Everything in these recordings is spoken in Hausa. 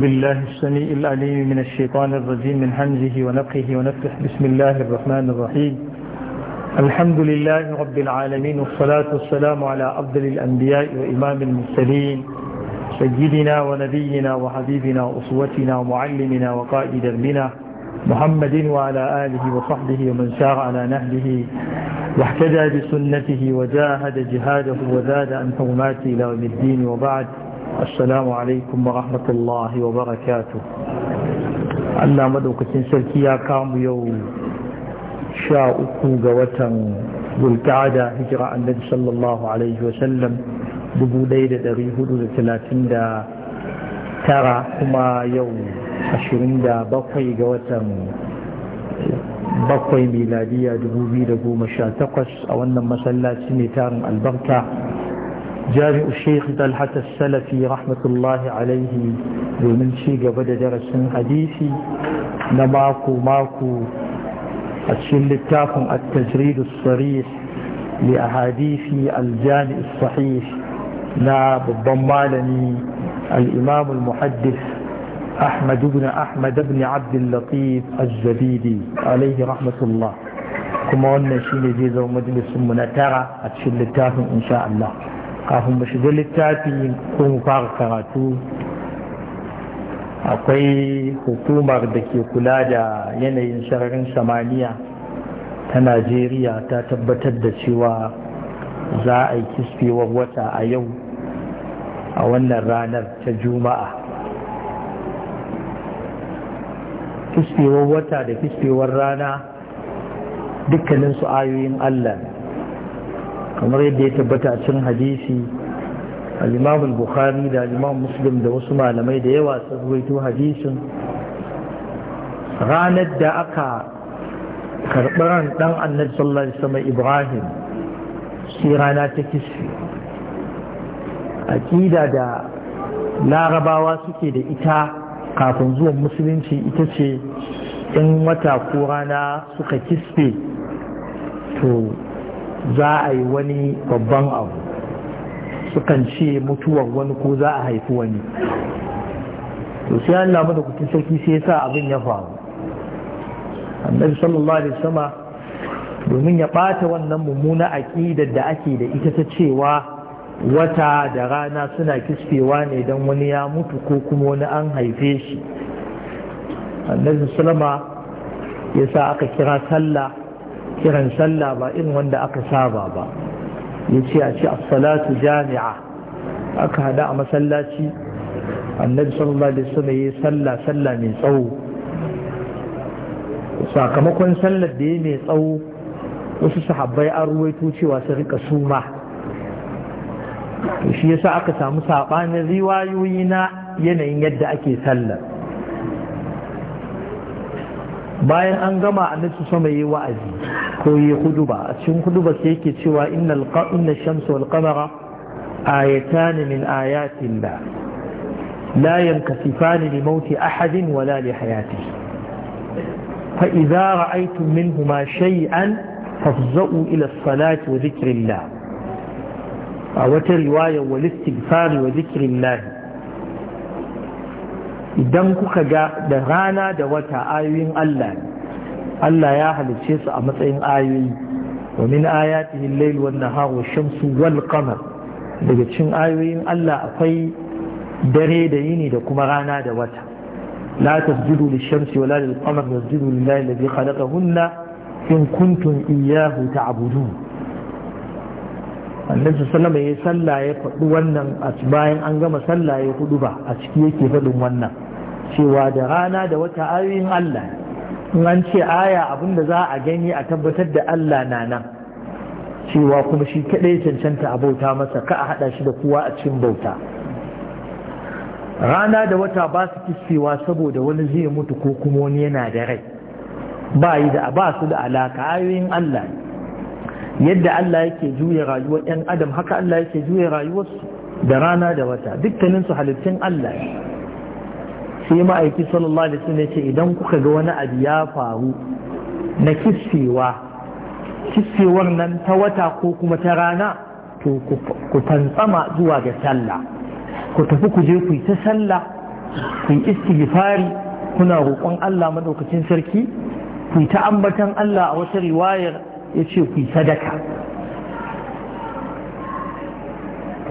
بالله السميع العليم من الشيطان الرجيم من همزه ونقه ونفح بسم الله الرحمن الرحيم الحمد لله رب العالمين والصلاة والسلام على أفضل الأنبياء وإمام المرسلين سيدنا ونبينا وحبيبنا وأسوتنا ومعلمنا وقائد دربنا محمد وعلى آله وصحبه ومن سار على نهله واحتدى بسنته وجاهد جهاده وزاد عن حرماته إلى يوم الدين وبعد السلام عليكم ورحمة wa وبركاته Allah maɗaukacin sarki ya kamu yau sha uku ga watan zulkada hijira annabi sallallahu alaihi wasallam 1439 kuma yau 27 ga watan bakwai miladiya 2018 a wannan masallaci ne tarin albarka جامع الشيخ طلحة السلفي رحمة الله عليه ومن ci gaba درس حديثي نماكو ماكو mako التافم التجريد الصريح لأحاديث الجامع الصحيح na babban الإمام المحدث أحمد بن أحمد بن عبد اللطيف الزبيدي عليه رحمة الله كما أن شيء جيزا ومجلس منترى أتشل التافم إن شاء الله kafin mu shiga littafi ko mu fara karatu akwai hukumar da ke kula da yanayin sararin samaniya ta najeriya ta tabbatar da cewa za a yi kisfewar wata a yau a wannan ranar ta juma'a kisfewar wata da kisfewar rana dukkaninsu ayoyin allah kamar yadda ya tabbata a cikin hadisi al-imam al-bukhari da al-imam muslim da wasu malamai da yawa sun ruwaito hadisin ranar da aka karɓar ɗan annabi sallallahu alaihi wasallam ibrahim shi rana ta kisfi aƙida da larabawa suke da ita kafin zuwan musulunci ita ce in wata ko rana suka kisfe to za a yi wani babban abu sukan ce mutuwar wani ko za a haifi wani to sai Allah mada kutun sarki sai yasa abin ya faru annabi sallallahu alaihi wasallama domin ya bata wannan mummuna aqidar da ake da ita ta cewa wata da rana suna kisfewa ne don wani ya mutu ko kuma wani an haife shi annabi sallama ya sa aka kira sallah kiran sallah ba irin wanda aka saba ba ya ce a ce as-salatu jami'a aka hada a masallaci annabi sallallahu alaihi wasallam yayi sallah sallah mai tsawo sakamakon sallar da ya mai tsawo wasu sahabbai an ruwaito cewa su rika suma to shi yasa aka samu sabanin riwayoyi na yanayin yadda ake sallar bayan an gama annabi sama yi wa'azi ko yi huduba a cikin huduba sai yake cewa innal inna shamsu wal qamara ayatan min ayati llah la yankasifan li mauti ahadin wala li hayati fa idza ra'aytum minhuma shay'an fafza'u ila as-salati wa dhikrillah a wata riwaya wal istighfar wa dhikrillah idan kuka ga da rana da wata ayoyin Allah Allah ya halicce su a matsayin ayoyi domin min ayatihi al-layl wan nahar shamsu wal-qamar daga cikin ayoyin Allah akwai dare da yini da kuma rana da wata la tasjudu lish-shamsi wala lil-qamar wasjudu lillahi alladhi khalaqahunna in kuntum iyyahu ta'budun annabi sallama ya sallah ya faɗi wannan a bayan an gama sallah ya hudu ba a ciki yake faɗin wannan cewa da rana da wata ayoyin Allah in an ce aya abinda za a gani a tabbatar da Allah na nan cewa kuma shi kadai cancanta a bauta masa ka a hada shi da kowa a cikin bauta rana da wata ba su kiskewa saboda wani zai mutu ko kuma wani yana da rai ba yi da ba su da alaka ayoyin Allah ne yadda Allah yake juya rayuwar ‘yan adam haka Allah yake juya rayuwarsu da rana da wata dukkaninsu halittun Allah sai ma'aiki sallallahu alaihi wasallam ce idan kuka ga wani abu ya faru na kissewa kissewar nan ta wata ko kuma ta rana to ku fantsama zuwa ga sallah ku tafi ku je ku yi ta sallah ku yi istighfari kuna roƙon Allah madaukakin sarki ku yi ta ambatan Allah a wata riwayar ya ce ku sadaka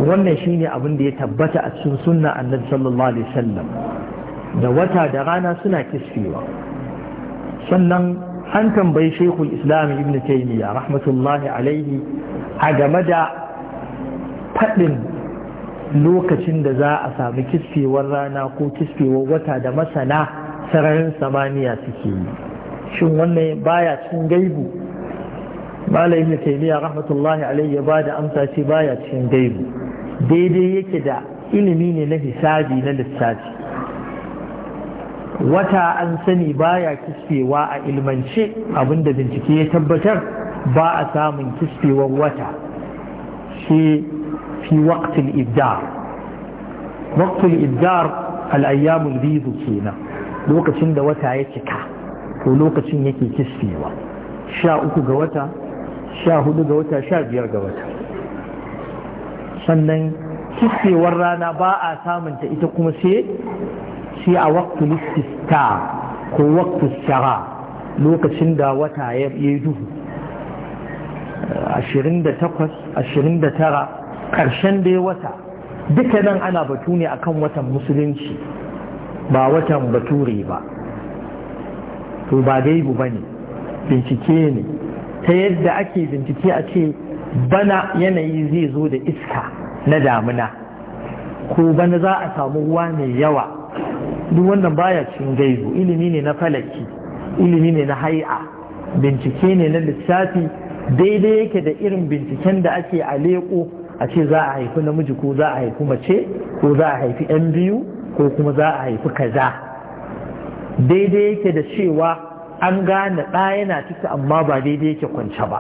wannan shine abin da ya tabbata a cikin sunna annabi sallallahu alaihi wasallam da wata da rana suna kiskewa sannan an tambayi shekul islam ibn taymiya rahmatullahi alaihi a game da faɗin lokacin da za a sami kiskewar rana ko kiskewar wata da masana sararin samaniya suke yi shin wannan baya cikin gaibu mala da taymiya rahmatullahi alayhi ba da amsa ce baya cikin gaibu daidai yake da ilimi ne na hisabi na lissafi wata an sani baya kispewa a ilmance abinda bincike ya tabbatar ba a samun kispewar wata shi fi waqtil ibdar waqtil ibdar al-ayyamul bidu kenan lokacin da wata ya cika ko lokacin yake kispewa sha uku ga wata sha hudu ga wata sha biyar ga wata sannan kiskewar rana ba a samunta ita kuma sai a waktu listista ko waktu shara lokacin da wata ya yi duhu 28 29 karshen dai wata duka nan ana batu ne akan watan musulunci ba watan bature ba to ba dai bu bane bincike ne ta yadda ake bincike a ce bana yanayi zai zo da iska na damina ko bana za a samu ruwa mai yawa duk wannan baya cin gaibu ilimi ne na falaki ilimi ne na hai'a bincike ne na lissafi daidai yake da irin binciken da ake a leƙo a ce za a haifi namiji ko za a haifi mace ko za a haifi 'yan biyu ko kuma za a haifi kaza daidai yake da cewa an gane ɗa yana ciki amma ba daidai yake kwance ba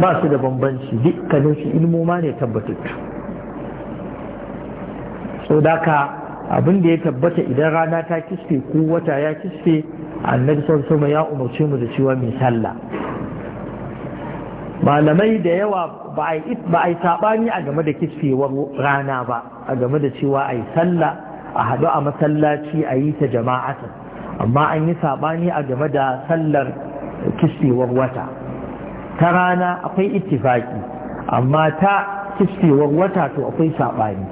ba su da bambanci dukkanin su ilmoma ne tabbatattu so ka abin da ya tabbata idan rana ta kisfe ko wata ya kisfe annabi sama ya umarce mu da cewa mai sallah malamai da yawa ba a yi saɓani a game da kisfewar rana ba a game da cewa a yi sallah a haɗu a masallaci a yi ta jama'atan amma an yi saɓani a game da sallar kisfewar wata ta rana akwai ittifaki amma ta kisfewar wata to akwai saɓani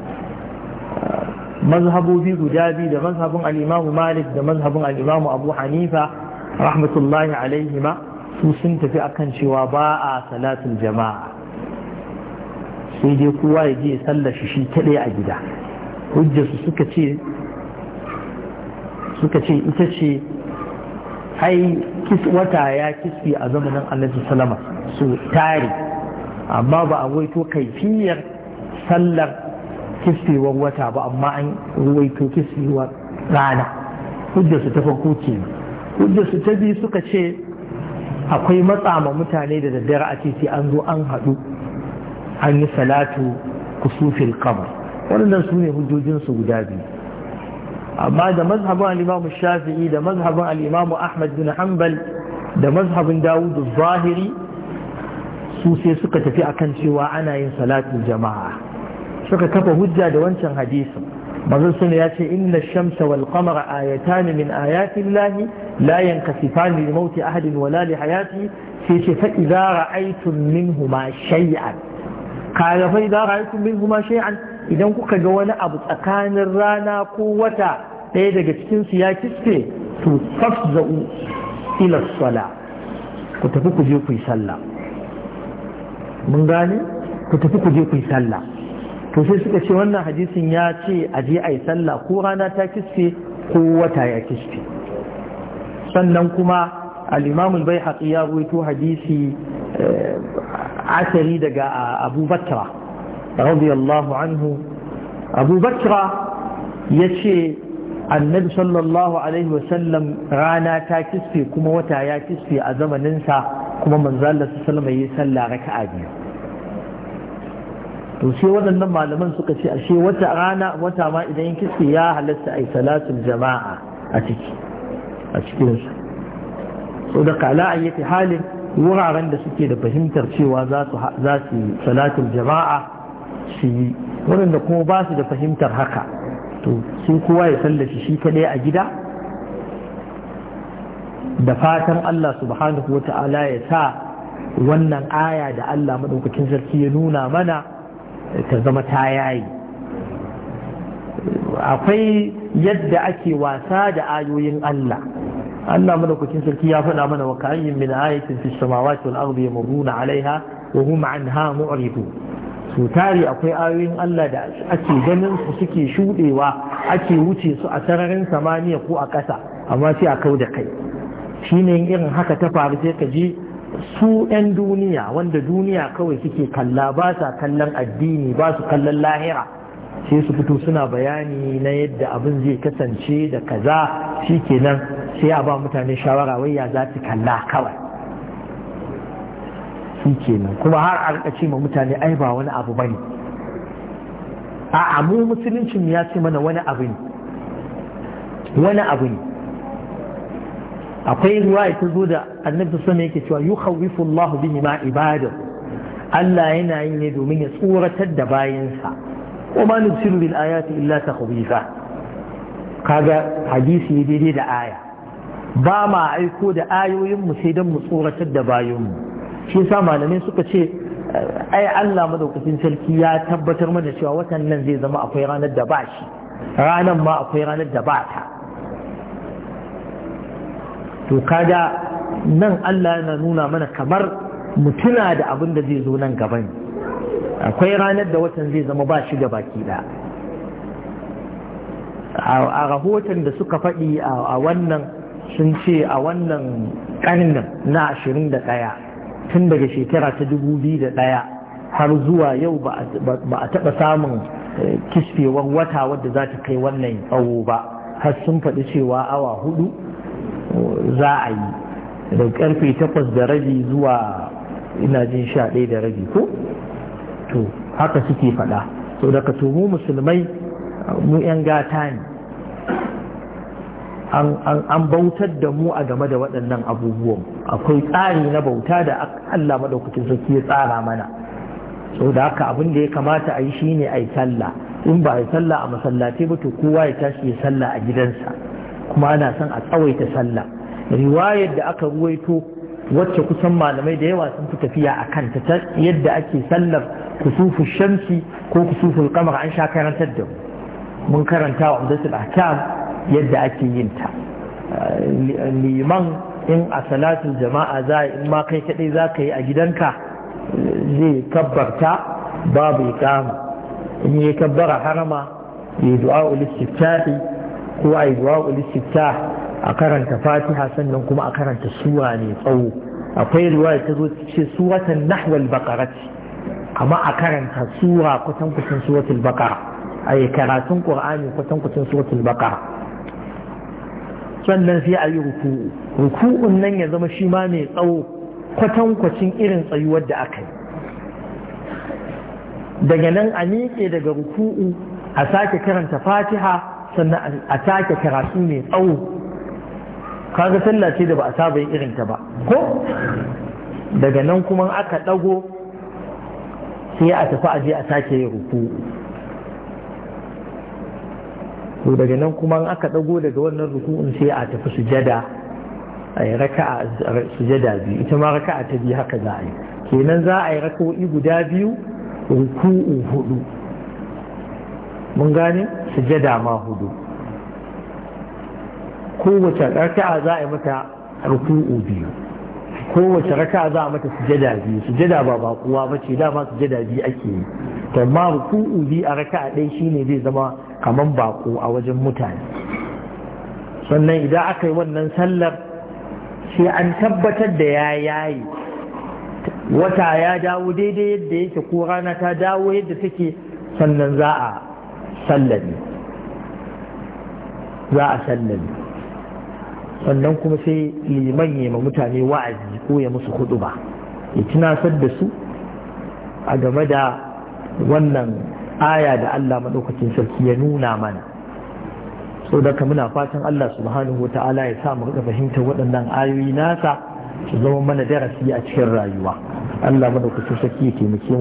mazhabobi guda biyu da mazhabin al'imamu malik da mazhabin al'imamu abu hanifa rahmatullahi alaihima su sun tafi akan cewa ba a salatul jama'a sai dai kowa ya je sallar shi shi kaɗai a gida hujjarsu suka ce suka ce ita ce ai wata ya kisfi a zamanin annabi salama su tare amma ba a waito kaifiyar sallar kisfewar wata ba amma an waito kisfewar rana hujjar su ta farko ke hujjar su ta biyu suka ce akwai matsama mutane da daddare a titi an zo an haɗu an yi salatu kusufin kamar waɗannan su ne hujjojinsu guda biyu amma da mazhabin al'imamu shafi'i da mazhabin al'imamu ahmad bin hanbal da mazhabin dawudu zahiri su sai suka tafi akan cewa ana yin salatin jama'a suka kafa hujja da wancan hadisin manzon suna ya ce inna shamsa wal qamara ayatan min ayati llahi la mauti ahadin wala li hayati sai ce fa idza ra'aytum minhuma shay'an kaga fa idza ra'aytum minhuma shay'an idan kuka ga wani abu tsakanin rana ko wata ɗaya daga cikinsu ya kiske to fafza'u ila sala ku tafi ku je ku yi sallah mun gane ku tafi ku je ku yi sallah to sai suka ce wannan hadisin ya ce a je a yi sallah ko rana ta kiske ko wata ya kiske sannan kuma al imamu bai ya ruwaito hadisi eh, asali daga abu radiyallahu anhu abu bakra ya annabi sallallahu alaihi wasallam rana ta kisfe kuma wata ya kisfe a zamaninsa kuma manzalar su salama yi sallah raka a biyu to waɗannan malaman suka ce ashe wata rana wata ma idan yin kisfe ya halatta a yi salatun jama'a a ciki a da kala a halin wuraren da suke da fahimtar cewa za salatul jama'a su yi waɗanda kuma ba su da fahimtar haka to sun kowa ya sallashi shi kaɗai a gida da fatan Allah subhanahu wa ta'ala ya sa wannan aya da Allah maɗaukakin sarki ya nuna mana ta zama ta yayi akwai yadda ake wasa da ayoyin Allah Allah maɗaukakin sarki ya faɗa mana wa kayyin min ayatin fi samawati wal ardi yamuruna alaiha wa hum anha mu'ridun su tare akwai ayoyin Allah da ake ganin su suke shudewa ake wuce su a sararin samaniya ko a ƙasa amma sai a kau da kai Shi shine irin haka ta faru sai ka ji su 'yan duniya wanda duniya kawai suke kalla ba sa kallon addini ba su kallon lahira sai su fito suna bayani na yadda abin zai kasance da kaza shi kenan sai a ba mutane shawara wai ya za su kalla kawai shi kenan kuma har a rika ce ma mutane ai ba wani abu bane a mu musulunci ya ce mana wani abu ne wani abu ne akwai ruwa ta zo da annabi sama yake cewa yukhawifu Allah bihi ma ibada Allah yana yin ne domin ya tsoratar da bayansa. kuma nusiru bil ayati illa takhwifa kaga hadisi daidai da aya ba ma aiko da ayoyin mu sai dan mu tsoratar da bayanmu. shi yasa malamai suka ce ai Allah madaukakin sarki ya tabbatar mana cewa watan nan zai zama akwai ranar da ba shi ranar ma akwai ranar da ba ta to kaga nan Allah yana nuna mana kamar mutuna da abin da zai zo nan gaba ne akwai ranar da watan zai zama ba shi da baki da a rahoton da suka faɗi a wannan sun ce a wannan ƙarnin na ashirin da ɗaya tun daga shekara ta dubu biyu da ɗaya har zuwa yau ba a taɓa samun eh, kisfewar wata wadda za ta kai wannan tsawo ba har sun faɗi cewa awa hudu eh, za a yi da ƙarfe takwas da rabi zuwa ina jin sha ɗaya da rabi ko to haka suke faɗa To daga to mu musulmai eh, mu 'yan gata ne an bautar da mu a game da waɗannan abubuwan akwai tsari na bauta da Allah madaukakin sarki ya tsara mana so da haka abin da ya kamata a yi shine a yi sallah in ba a yi sallah a masallatai ba to kowa ya tashi ya sallah a gidansa kuma ana son a tsawaita sallah riwayar da aka ruwaito wacce kusan malamai da yawa sun fi tafiya a kanta ta yadda ake sallar kusufu shamsi ko kusufu kamar an sha karantar da mun karanta wa amdatul ahkam yadda ake yin ta liman in a salatin jama'a za in ma kai kaɗai za ka yi a gidanka zai kabbarta babu kama in yi kabbara harama ya yi du'a ulistiftahi ko a yi du'a ulistiftah a karanta fatiha sannan kuma a karanta suwa ne tsawo akwai ruwa ta zo ce suwatan nahwal bakarati amma a karanta suwa kusan kusan suwatul a yi karatun qur'ani kusan kusan suwatul sannan sai a yi ruku'u ruku'un nan ya zama shi ma mai tsawo kwatankwacin irin tsayuwar da aka yi daga nan a miƙe daga ruku'u a sake karanta fatiha sannan a sake karatu mai tsawo kaga sallah ce da ba a saba yin irin ta ba ko daga nan kuma aka ɗago sai a tafi a je a sake yin ruku'u to daga nan kuma in aka dago daga wannan ruku'un sai a tafi sujada a yi raka'a sujada biyu ita ma raka'a ta biyu haka za a yi kenan za a yi raka'o'i guda biyu ruku'u hudu mun gane sujada ma hudu kowace raka'a za a yi mata ruku'u biyu kowace raka'a za a mata sujada biyu sujada ba ba kuwa ba ce dama sujada biyu ake yi to amma ruku'u biyu a raka'a ɗaya shine zai zama kamar bako a wajen mutane sannan idan aka yi wannan sallar sai an tabbatar da ya yayi wata ya dawo daidai yadda yake ko rana ta dawo yadda take sannan za a sallami za a sallami sannan kuma sai liman ya ma mutane wa'azi ko ya musu hudu ba ya tunasar da su a game da wannan aya da Allah maɗaukacin sarki ya nuna mana so da ka muna fatan Allah subhanahu wa ta'ala ya sa mu rika fahimtar waɗannan ayoyi nasa su zama mana darasi a cikin rayuwa Allah maɗaukacin sarki ya taimake